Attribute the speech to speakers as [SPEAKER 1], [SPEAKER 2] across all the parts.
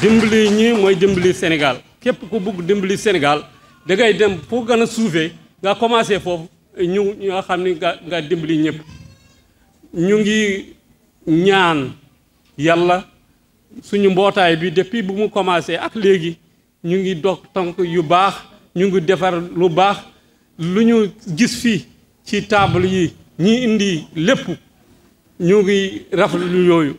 [SPEAKER 1] dimbali ñi mooy dimbali Sénégal képp ku bugg dimbali Sénégal da ngay dem foo gën a suufee nga commencé foofu ñu ñoo xam ni nga nga dimbali ñëpp ñu ngi ñaan yàlla suñu mbootaay bi depuis bu mu commencé ak léegi ñu ngi dox tonk yu baax ñu ngi defar lu baax lu ñu gis fi ci table yi ñu indi lépp ñu ngi rafetlu yooyu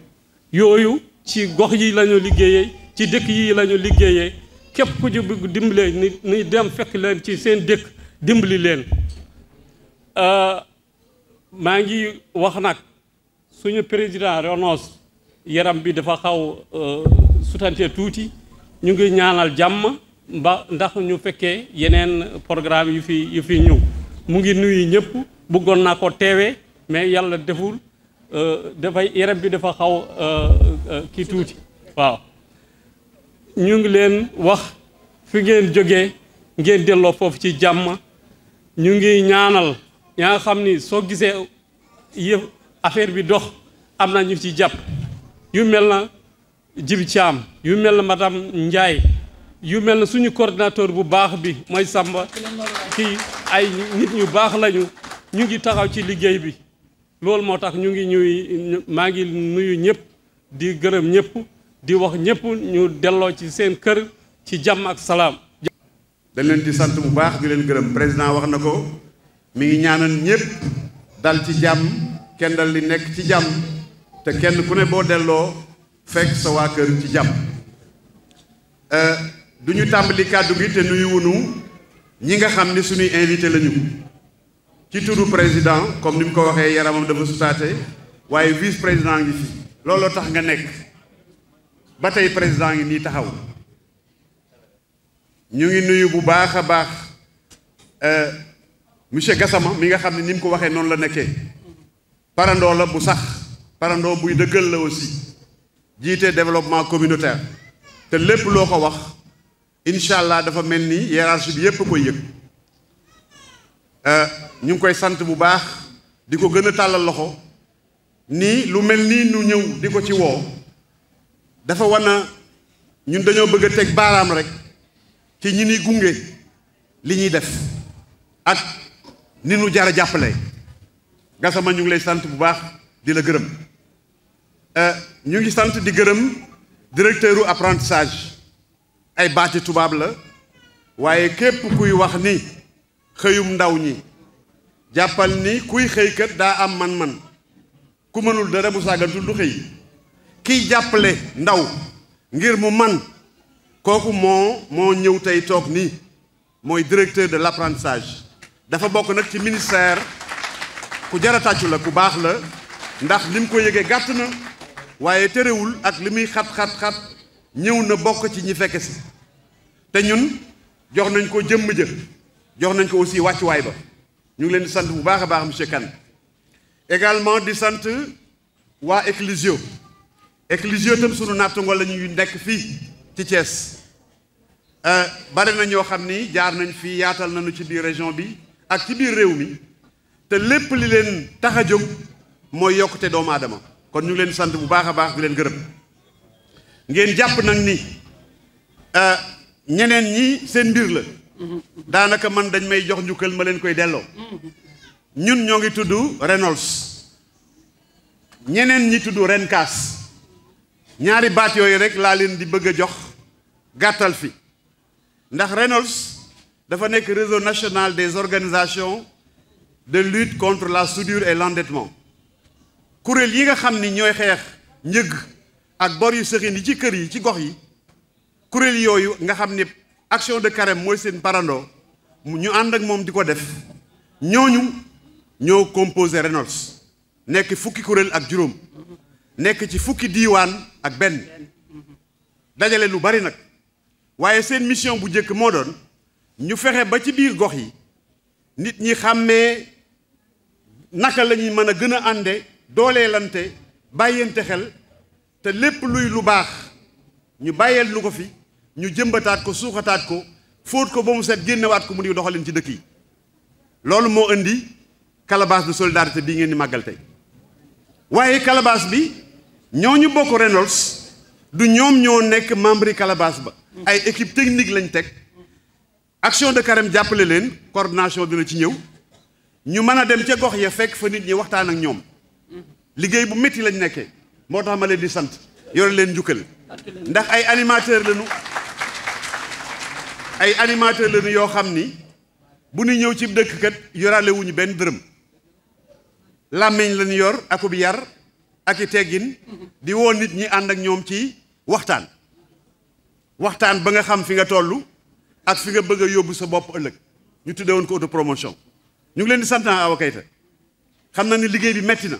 [SPEAKER 1] yooyu ci gox yi lañu liggéeyee ci dëkk yii la ñu liggéeyee képp ku ci bëgg dimbale ni ni dem fekk leen ci seen dëkk dimbali leen euh, maa ngi wax nag suñu président Renos yaram bi dafa xaw euh, sutante tuuti ñu ngi ñaanal jàmm ba ndax ñu fekkee yeneen programme yu fi yu fi ñëw mu ngi nuyu ñëpp buggoon naa ko teewee mais yàlla deful euh, dafay yaram bi dafa xaw kii tuuti waaw ñu ngi leen wax fi ngeen jóge ngeen delloo foofu ci jàmm ñu ngi ñaanal ña xam ni soo gisee yëf bi dox am na ñu ci jàpp yu mel na Jibi Thiam yu mel na madame njaay yu mel na suñu coordinateur bu baax bi mooy Samba kii ay nit ñu baax lañu ñu ngi taxaw ci liggéey bi loolu moo tax ñu ngi ñuy maa ngi nuyu ñëpp di gërëm ñëpp di wax ñëpp ñu delloo ci seen kër ci jàmm ak salaam. dañ leen ci sant bu baax di leen gërëm président wax na ko mi ngi
[SPEAKER 2] ñaanal ñëpp dal ci jàmm kenn dal li nekk ci jàmm te kenn ku ne boo delloo fekk sa waa kër ci jàmm. Euh, du ñu tàmbali kàddu gi te nuyu wunu ñi nga xam ni suñuy invité lañu ci turu président comme ni mu ko waxee yaramam dafa sutaate waaye vice président ngi fi looloo tax nga nekk. ba tey président ngi nii taxaw ñu ngi nuyu bu baax a baax euh, monsieur Gassama mi nga xam ne ni mu ko waxee noonu la nekkee parandoo la bu sax parandoo buy dëggal la aussi jiite développement communautaire te lépp loo ko wax incha allah dafa mel ni hiérarchie bi yépp koy yëg euh, ñu ngi koy sant bu baax di ko gën a tàllal loxo nii lu mel nii nu ñëw di ko ci woo dafa war na ñun dañoo bëgg a teg baaraam rek ci ñi ni gunge li ñuy def ak ni nu jara jàppale Gassama ñu ngi lay sant bu baax di la gërëm euh, ñu ngi sant di gërëm directeur u apprentissage ay baati tubaab la waaye képp kuy wax ni xëyum ndaw ñi jàppal ni kuy xëykat daa am man-man ku mënul dara bu sàggantul du xëy kiy jàppale ndaw ngir mu man kooku moo moo ñëw tey toog nii mooy directeur de l'apprentissage dafa bokk nag ci ministère ku jar a tàccu la ku baax la ndax lim ko yëgee gàtt na waaye terewul ak li muy xat-xat-xat ñëw na bokk ci ñi fekke si te ñun jox nañ ko jëmm jë jox nañ ko aussi wàccuwaay ba ñu ngi leen di sant bu baax a baax monsieur Kane également di sant waa Eclisio éclusion itam sunu nattango la ñuy nekk fii ci Thiès euh, bari na ñoo xam ni jaar nañ fii yaatal nañu ci biir région bi ak ci biir réew mi te lépp li leen tax a jóg mooy yokkute doomu aadama kon ñu leen sant bu baax a baax di leen gërëm ngeen jàpp nag ni euh, ñeneen ñi seen mbir la daanaka man dañ may jox njukkal ma leen koy delloo ñun ñoo ngi tudd Reynolds ñeneen ñi tudd Renkaas ñaari baat yooyu rek laa leen di bëgg a jox gàttal fi ndax Reynolds dafa nekk réseau national des organisations de lutte contre la soudure et l'endettement kuréel yi nga xam ni ñooy xeex njëg ak bor yu sëxin yi ci kër yi ci gox yi kuréel yooyu nga xam ni action de carême mooy seen parando ñu ànd ak moom di ko def ñooñu ñoo composé Reynolds nekk fukki kuréel ak juróom nekk ci fukki diiwaan ak benn dajale lu bari nag waaye seen mission bu njëkk moo doon ñu fexe ba ci biir gox yi nit ñi xàmmee naka la ñuy mën a gën a ànde dooleelante bàyyente xel te lépp luy lu baax ñu bàyyeel lu ko fi ñu jëmbataat ko suuxataat ko fóot ko ba mu set génnewaat ko mu di doxalin ci dëkk yi loolu moo indi calebasse de solidarité bi ngeen di màggal tey waaye calebasse bi ñooñu bokk Reynolds du ñoom ñoo nekk membre yi Calabas ba. ay équipe technique lañ teg. action de carême jàppale leen cordination coordination dina ci ñëw ñu mën a dem ca gox ya fekk fa nit ñi waxtaan ak ñoom liggéey bu métti lañ nekkee moo tax ma leen di sant yore leen njukkal ndax ay animateur lañu ay animateur lañu yoo xam ni bu ñu ñëw ci dëkk kat yoraale benn dërëm làmmiñ lañu yor akub yar ak i teggin di woon nit ñi ànd ak ñoom ci waxtaan waxtaan ba nga xam fi nga toll ak fi nga bëgg a yóbbu sa bopp ëllëg ñu tuddee woon ko auto promotion ñu ngi leen di sant Awa xam na ni liggéey bi metti na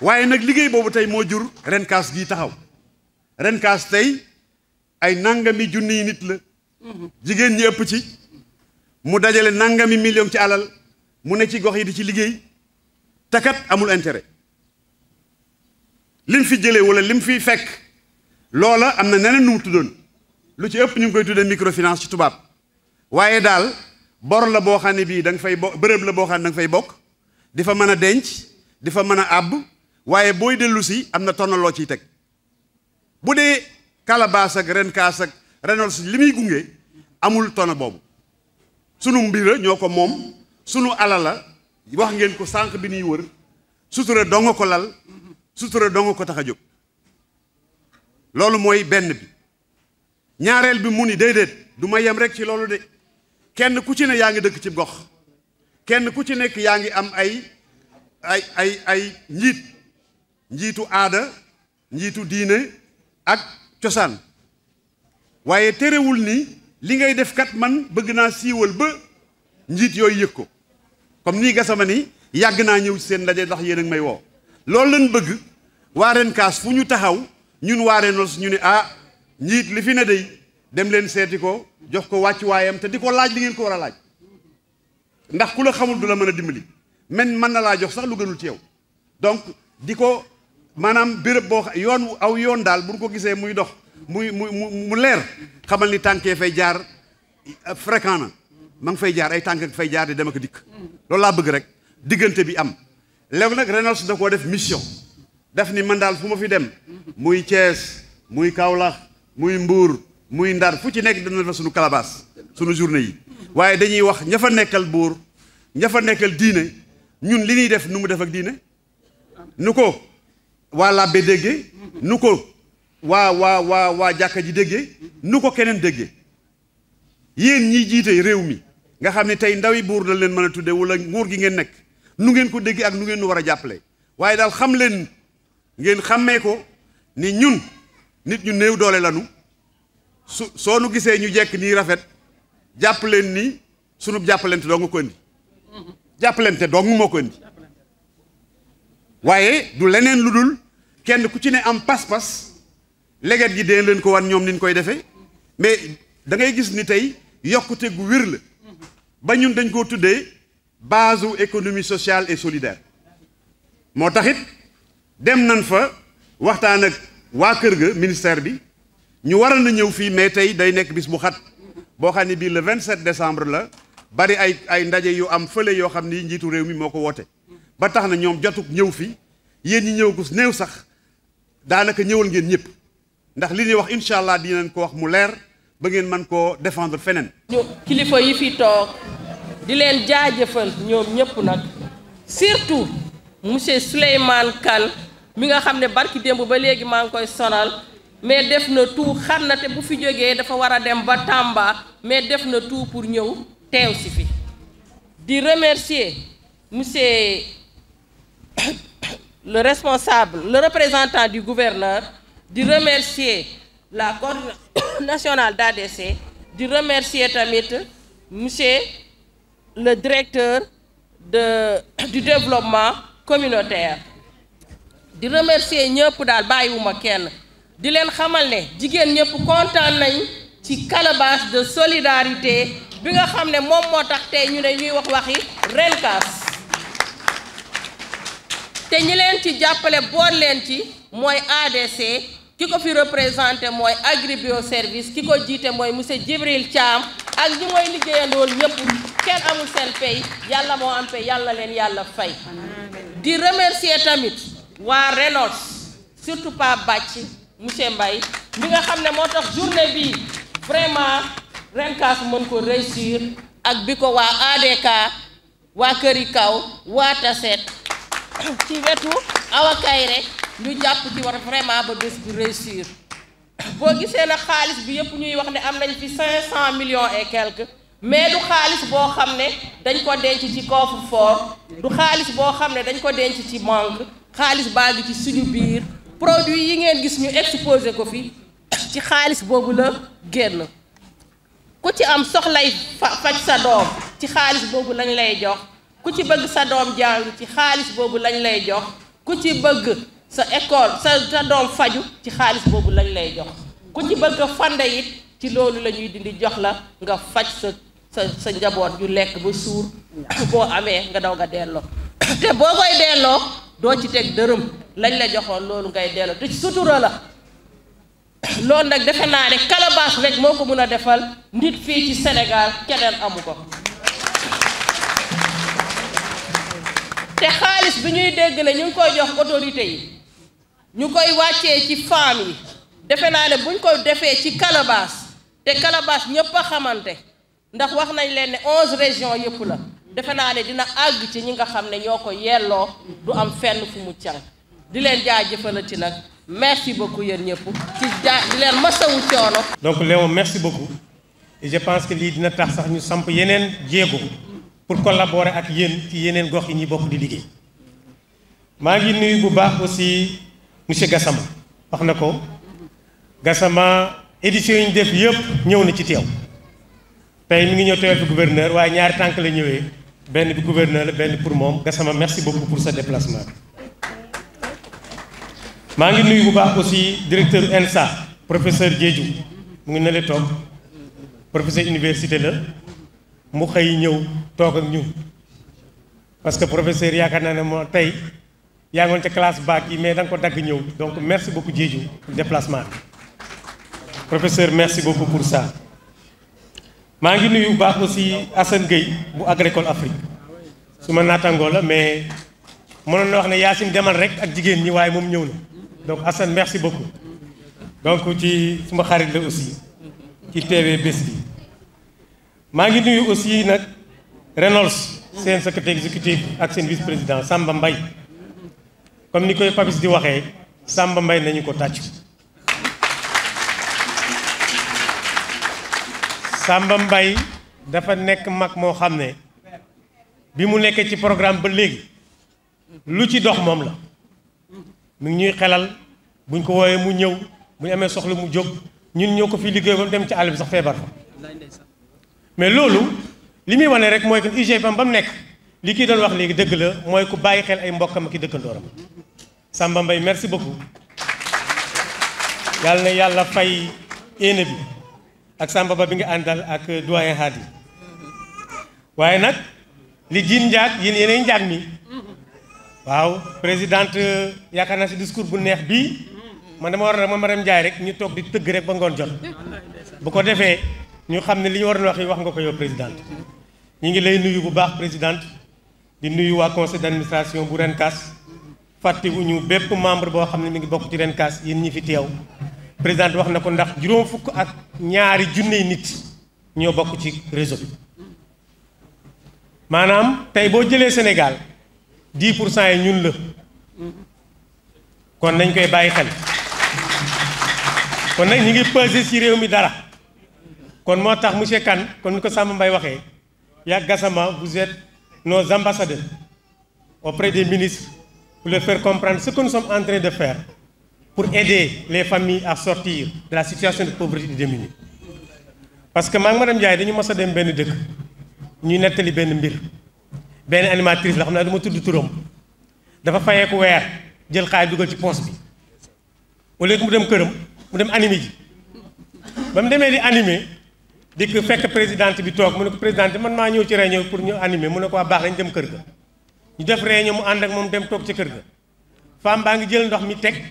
[SPEAKER 2] waaye nag liggéey boobu tey moo jur Renkaas gii taxaw Renkaas tey ay nangami junniy nit la jigéen ñi ëpp ci mu dajale nangami million ci alal mu ne ci gox yi di ci liggéey takat amul intérêt lim fi jëlee wala mu fiy fekk loola am na neneen lu mu tuddoon lu ci ëpp ñu ngi koy tuddee microfinance ci tubaab waaye daal bor la boo xam bii da fay bo bërëb la boo xam ne nga fay bokk di fa mën a denc di fa mën a àbb waaye booy dellu si am na loo ciy teg bu dee kalabaas ak ren kaas ak renol si li muy gunge amul tona boobu sunu mbir ñoo ko moom sunu alal la wax ngeen ko sànq bi ñuy wër sutura dong ko lal sutura dong ko tax a jóg loolu mooy benn bi ñaareel bi mu ni déedéet du ma yem rek ci loolu de kenn ku ci ne yaa ngi dëkk ci gox kenn ku ci nekk yaa ngi am ay ay ay ay njiit njiitu aada njiitu diine ak cosaan waaye terewul ni li ngay def kat man bëgg naa siiwal ba njiit yooyu yëg ko comme nii gasama ni yàgg naa ñëw ci seen ndaje ndax yéen a may woo loolu lañ bëgg waa Renkaas fu ñu taxaw ñun waa ñu ni ah njiit li fi ne day dem leen seeti ko jox ko wàcc wàccuwaayam te di ko laaj li ngeen ko war a laaj ndax ku la xamul du la mën a dimbali men mën na laa jox sax lu gënul ci yow donc di ko maanaam béréb boo yoon aw yoon daal bu ko gisee muy dox muy mu mu leer xamal ni tànkee fay jaar fréquent na ma ngi fay jaar ay tànk fay jaar di dem ak dikk loolu laa bëgg rek diggante bi am léegi nag Reynolds da koo def mission def ni man daal fu ma fi dem muy Thiès muy Kaolack muy mbuur muy Ndar fu ci nekk dana fa sunu calebasse suñu journée yi waaye dañuy wax ña nekkal buur ña nekkal diine ñun li ñuy def nu mu def ak diine nu ko waa làbbe déggee nu ko waa waa waa waa jàkka ji déggee nu ko keneen déggee yéen ñiy jiite réew mi nga xam ne tey ndawi buur na leen mën a tudde wala nguur gi ngeen nekk nu ngeen ko déggee ak nu ngeen nu war a jàppale waaye daal xam leen ngeen xàmmee ko ni ñun nit ñu néew doole lanu su soo nu gisee ñu jekk nii rafet jàpp leen ni sunu jàppalante dong ko indi jàppalante dong moo waaye du leneen lu dul kenn ku ci ne am pas-pas leget gi deen leen ko wan ñoom niñ koy defee mais da ngay gis ni tey yokkute gu wér la ba ñun dañ koo tuddee base u économie sociale et solidaire moo tax it dem nan fa waxtaan ak waa kër ga ministère bi ñu waral na ñëw fii mais tey day nekk bis bu xat boo xam ne bii le 27 décembre la bari ay ay ndaje yu am fële yoo xam ni njiitu réew mi moo ko woote ba tax na ñoom jotug ñëw fii yéen ñi ñëw gus néew sax daanaka ñëwal ngeen ñëpp ndax li ñuy wax incha allah dinañ ko wax mu leer ba ngeen man koo défendre feneen.
[SPEAKER 3] kilifa yi fi toog. di leen jaajëfal ñoom ñëpp nag surtout monsieur Souleymane Kane mi nga xam ne barki démb ba léegi maa ngi koy sonal mais def na tout xam na te bu fi jógee dafa war a dem ba Tamba mais def na tout pour ñëw teew si fi di remercier monsieur le responsable le représentant du gouverneur di remercier la coordination nationale d'ADC di remercier tamit monsieur le directeur de du développement communautaire di remercier ñëpp daal bàyyiwuma kenn di leen xamal ne jigéen ñëpp kontaan nañ ci calebasse de solidarité bi nga xam ne moom moo tax tey ñu ne ñuy wax waxi Rencas te ñi leen ci jàppale boor leen ci mooy ADC ki ko fi représenté mooy Agribio Service ki ko jiite mooy monsieur Djibril Thiam ak ñi mooy liggéeyandool ñëpp kenn amul seen pay yàlla moo am pay yàlla leen yàlla fay di remercier tamit waa Reynolds surtout pas bàcc mu monsieur mbay mi nga xam ne moo tax journée bi vraiment Rencas mën ko réussir ak bi ko waa ADK waa Këri Kaw waa Taset ci wetu Awa Kayre ñu jàpp ci war vraiment ba bés bi réussir boo gisee na xaalis bi yëpp ñuy wax ne am nañ fi cinq cent millions et quelques mais du xaalis boo xam ne dañ ko denc ci coffre-fort du xaalis boo xam ne dañ ko denc ci banque xaalis baa ngi ci suñu biir produit yi ngeen gis ñu exposé ko fi ci xaalis boobu la ku ci am soxlay faj sa doom ci xaalis boobu lañ lay jox ku ci bëgg sa doom jàng ci xaalis boobu lañ lay jox ku ci bëgg sa ecole sa sa doom faju ci xaalis boobu lañ lay jox ku ci bëgg fande it ci loolu la ñuy dindi jox la nga faj sa sa sa njaboot ju lekk ba suur boo amee nga daw nga delloo te boo koy delloo doo ci teg dërëm lañ la joxoon loolu ngay delloo te sutura la loolu nag defe naa ne calebasse rek moo ko mën a defal nit fii ci Sénégal keneen amu ko te xaalis bi ñuy dégg na ñu ngi koy jox autorité yi ñu koy wàccee ci femmes yi defe naa ne buñ ko defee ci kalabaas te Calebasse ñëpp a xamante ndax wax nañ leen ne onze régions la defe naa ne dina àgg ci ñi nga xam ne ñoo ko yelloo du am fenn fu mu can di leen jaajëfalati nag merci beaucoup yéen ñëpp ci jaa di leen masawu coono.
[SPEAKER 4] donc Léon merci beaucoup et je pense que lii dina tax sax ñu samp yeneen jéego pour collaborer ak yéen ci yeneen gox yi ñuy bokk di liggéey maa ngi nuyu bu baax aussi monsieur Gassama wax na ko Gassama. éditions yi ñu def yëpp ñëw na ci teew tey mi ngi ñëw teewal fi gouverneur waaye ñaari tànk la ñëwee benn bi gouverneur la benn pour moom nga sama merci beaucoup pour sa déplacement maa ngi nuyu bu baax aussi directeur ENSA professeur Diédhiou mu ngi ne le toog professeur université la mu xëy ñëw toog ak ñun parce que professeur yaakaar naa ne moo tey yaa ngoon ca classe bac yi mais da ko dagg ñëw donc merci beaucoup Diédhiou pour déplacement bi professeur merci beaucoup pour ça maa ngi nuyu bu baax aussi assan Gueye bu Agricole Afrique su ma naatangoo la mais mënoon na wax ne Yacine demal rek ak jigéen ñi waaye moom ñëw na donc assan merci beaucoup donc ci suma xarit la aussi ci TV bés yi maa ngi nuyu aussi nag Reynolds seen secrétaire exécutif ak seen vice président Samba mbay comme ni koy Papis di waxee Samba mbay nañu ko tàcc Samba Mbaye dafa nekk mag moo xam ne bi mu nekkee ci programme ba léegi lu ci dox moom la mu ngi ñuy xelal buñ ko wooyee mu ñëw bu ñu amee soxla mu jóg ñun ñoo ko fi liggéey ba mu dem ci àll bi sax feebar fa mais loolu li muy wane rek mooy que UGPM ba mu nekk li kii doon wax léegi dëgg la mooy ku bàyyi xel ay mbokkam ki dëkkandooram Samba Mbaye merci beaucoup yàlla na yàlla fay yéene bi ak Samba bi nga àndal ak doyen Hadi waaye nag li jiin njaag yéen yeneen njaag mi waaw présidente yaakaar naa si discours bu neex bii man dama war na ma Marème Ndiaye rek ñu toog di tëgg rek ba ngoon jot bu ko defee ñu xam ne li ñu war a wax wax nga ko yow président ñu ngi lay nuyu bu baax présidente di nuyu waa conseil d'administration bu RENCAS fàttewuñu bépp membre boo xam ne mu ngi bokk ci RENCAS yéen ñi fi teew président wax na ko ndax juróom fukk ak ñaari junni nit ñoo bokk ci réseau bi maanaam tey boo jëlee Sénégal dix pour cent yi ñun la kon nañ koy bàyyi xel kon nag ñu ngi peser ci réew mi dara kon moo tax monsieur Kane kon ni ko Samba mbay waxee yàgg Gassama vous êtes nos ambassadeurs auprès des ministre pour le faire comprendre ce some nous sommes en de faire pour aider les familles à sortir de la situation de pauvreté des démunis parce que maa ngi madame Ndiaye dañu mës a dem benn dëkk ñuy nettali benn mbir benn animatrice la xam naa dama tudd turam dafa fayeeku weer jël xaalis dugal ci poos bi au lieu que mu dem këram mu dem animé ji ba mu demee di animé di fekk présidente bi toog mu ne ko présidente man maa ñëw ci réunion pour ñu anime mu ne ko waa baax nañ dem kër ga ñu def réunion mu ànd ak moom dem toog ci kër ga femme baa ngi jël ndox mi teg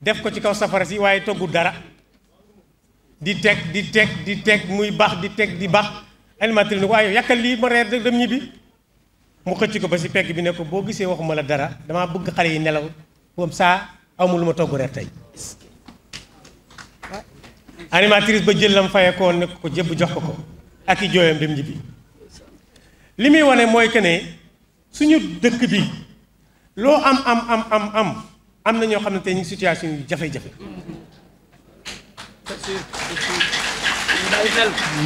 [SPEAKER 4] def ko ci kaw safara si waaye toggul dara di teg di teg di teg muy baax di teg di baax animateur ni ko ayoo yàkkal lii ma reer dem ñibbi mu xëcc ko ba si pegg bi ne ko boo gisee waxuma la dara damaa bëgg xale yi nelaw comme saa amul lu ma togg reer tey animatrice ba jëlam fayekoon ne ko jëbb jox ko ko ak i jooyam dem ñibbi li muy wane mooy que ne suñu dëkk bi loo am am am am am am na ñoo xam ne tey ñu situation yu jafe-jafe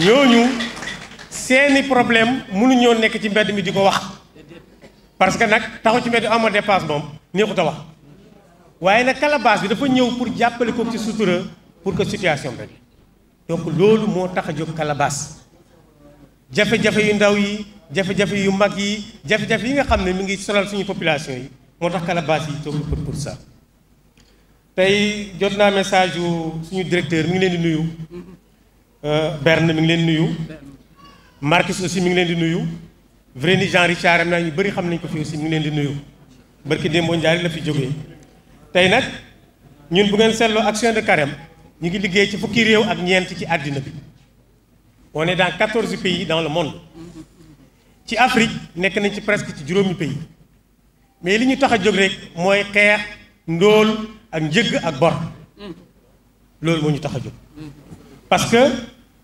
[SPEAKER 4] ñooñu seeni problème mënuñoo nekk ci mbedd mi di ko wax parce que nag taxu ci mbedd amoo dépense moom neexut a wax waaye nag calebasse bi dafa ñëw pour jàppale ko ci sutura pour que situation rek donc loolu moo tax a jóg calebasse jafe-jafe yu ndaw yi jafe-jafe yu mag yi jafe-jafe yi nga xam ne mu ngi sonal suñu population yi moo tax calebasse yi toog pour pour ça tey jot naa message yu suñu directeur mi ngi leen di nuyu euh, Berne mi ngi leen di nuyu Marcus aussi mi ngi leen di nuyu Vreni Jean Richard am naa ñu bëri xam nañ ko fi aussi mi ngi leen di nuyu barki démboo Ndiaye la fi jógee tey nag ñun bu ngeen seetloo action de carême ñu ngi liggéey ci fukki réew ak ñeent ci àddina bi on est dans quatorze pays dans le monde ci Afrique nekk nañ ci presque ci juróomi pays mais li ñu tax a jóg rek mooy xeex ndóol ak njëgg ak bor loolu moo ñu tax a jóg parce que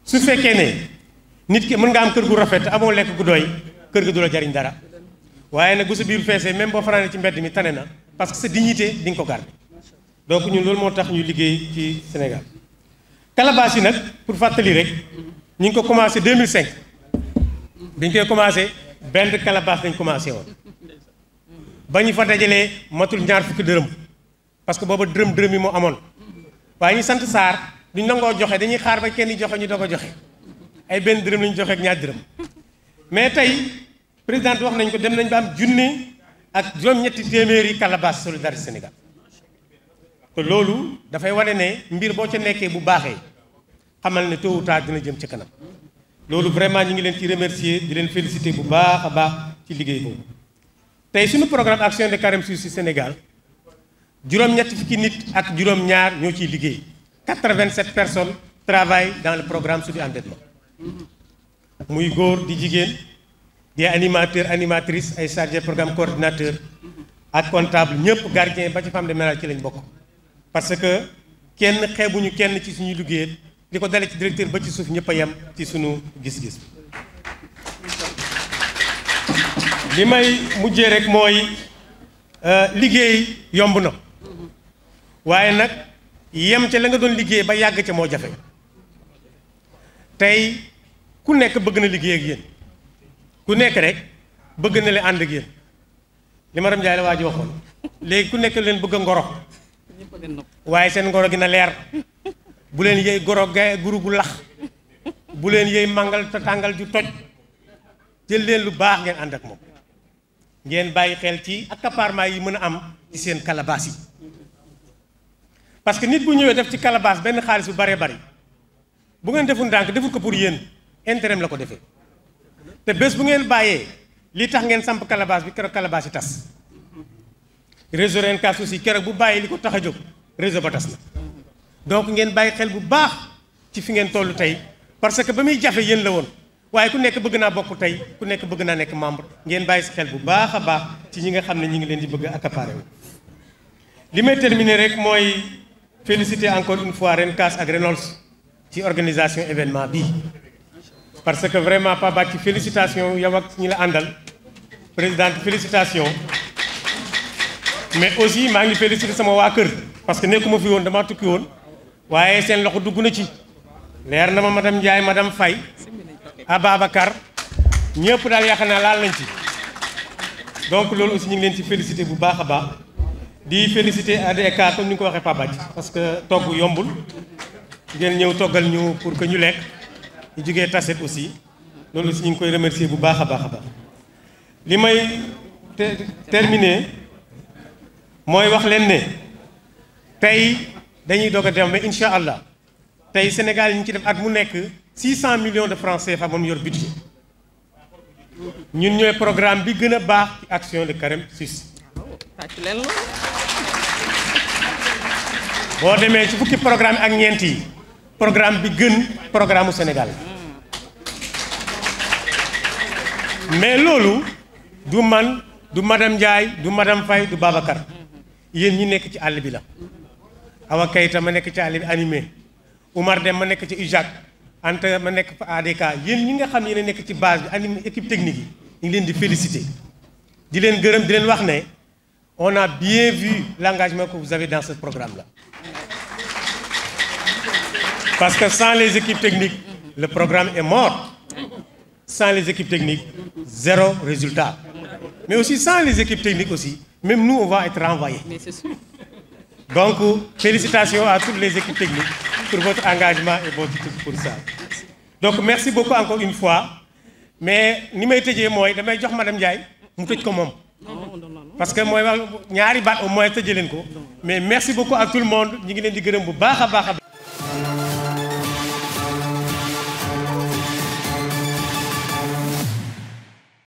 [SPEAKER 4] su fekkee ne nit ki mën nga am kër gu rafet amoo lekk gu doy kër gi du la jariñ dara waaye nag bu sa biir feesee même boo fanaanee ci mbedd mi tane na parce que sa dignité di nga ko doo donc ñun loolu moo tax ñu liggéey ci Sénégal calebasse yi nag pour fàttali rek ñu ngi ko commencé 2005 bi ñu koy commencé benn calebasse dañ commencé woon ba ñu fa dajalee matul ñaar fukki dërëm parce que booba dërëm dërëm yi moo amoon waaye ñu sant Sarr duñ nangoo joxe dañuy xaar ba kenn joxe ñu doog a joxe ay benn dërëm lañu joxe ak ñaar dërëm mais tey présidente wax nañ ko dem nañ ba am junni ak juróom-ñetti téeméeri calebasses solidarité Sénégal te loolu dafay wane ne mbir boo ca nekkee bu baaxee xamal ne tôt ou tard dina jëm ci kanam loolu vraiment ñu ngi leen ci remercier di leen féliciter bu baax a baax ci liggéey boobu tey suñu programme action de carême sur Sénégal. juróom-ñetti fukki nit ak juróom-ñaar ñoo ciy liggéey vingt 87 personnes travaillent dans le programme Sudi endettement muy góor di jigéen di animateur animatrice ay chargé programme coordinateur ak comptable ñëpp gardien ba ci femme de ménage ci lañ bokk parce que kenn xeebu ñu kenn ci suñuy liggéey li ko dale ci directeur ba ci suuf ñëpp a ci suñu gis-gis li may mujjee rek mooy euh, liggéey yomb na waaye nag yem ca la nga doon liggéey ba yàgg ca moo jafe tey ku nekk bëgg na liggéey ak yéen ku nekk rek bëgg na leen ànd ak yéen li ma dem jaay la waa ji léegi ku nekk leen bëgg a ngoro waaye seen ngoro gi na leer bu leen yëy goro ga guru gu lax bu leen yëy màngal te tàngal ju toj jël leen lu baax ngeen ànd ak moom ngeen bàyyi xel ci ak accaparement yi mën a am ci seen kalabaas yi parce que nit bu ñëwee def ci calebasse benn xaalis bu baree bari bu ngeen deful ndànk deful ko pour yéen intérêt la ko defee te bés bu ngeen bàyyee li tax ngeen samp calebasse bi keroog calebasse yi tas réseau Rencas aussi keroog bu bàyyee li ko tax a jóg réseau ba tas na donc ngeen bàyyi xel bu baax ci fi ngeen toll tey parce que ba muy jafe yéen la woon waaye ku nekk bëgg naa bokk tey ku nekk bëgg naa nekk membre ngeen bàyyi si xel bu baax a baax ci ñi nga xam ne ñi ngi leen di bëgg accaparer wu mooy féliciter encore une fois Renkas ak Reynolds ci organisation événement bi parce que vraiment Papa ci félicitation yow ak ñi la àndal présidente félicitation mais aussi maa ngi féliciter sama waa kër parce que nekkuma fi woon dama tukki woon waaye seen loxo dugg na ci leer na ma madame Ndiaye fay Faye Ababacar ñëpp daal yaakaar naa laal nañ ci donc loolu aussi ñu ngi leen ci féliciter bu baax a baax di féliciter ADK comme ni nga ko waxee Pape Badji parce que togg yombul ngeen ñëw toggal ñu pour que ñu lekk ñu jógee taset aussi loolu aussi ñu ngi koy remercier bu baax a baax a baax li may terminer mooy wax leen ne tey dañuy doog a dem mais incha allah tey Sénégal yi ñu ci def at mu nekk 600 millions de francs CFA moom yor budget ñun ñooy programme bi gën a baax ci action de carême 6. boo demee ci fukki programme ak ñeent yi programme bi gën programme mu Sénégal mais loolu du man du madame Ndiaye du madame Faye du Babacar yéen ñi nekk ci àll bi la Awa Kayta ma nekk ci àll bi animé Oumar Dem ma nekk ci UJAK Anta ma nekk fa ADK yéen ñi nga xam yéen a nekk ci base bi animé équipe technique yi ñu ngi leen di félicité di leen gërëm di leen wax ne. On a bien vu l'engagement que vous avez dans ce programme-là. Parce que sans les équipes techniques, le programme est mort. Sans les équipes techniques, zéro résultat. Mais aussi sans les équipes techniques aussi, même nous, on va être renvoyés. Donc, félicitations à toutes les équipes techniques pour votre engagement et votre titre pour ça. Donc, merci beaucoup encore une fois. Mais ni may tëjee mooy damay jox madame Ndiaye mu tëj ko moom. parce que mooy wax ñaari baat au moins tëjee leen ko mais merci beaucoup à tout le monde ñi ngi leen di gërëm bu baax a baax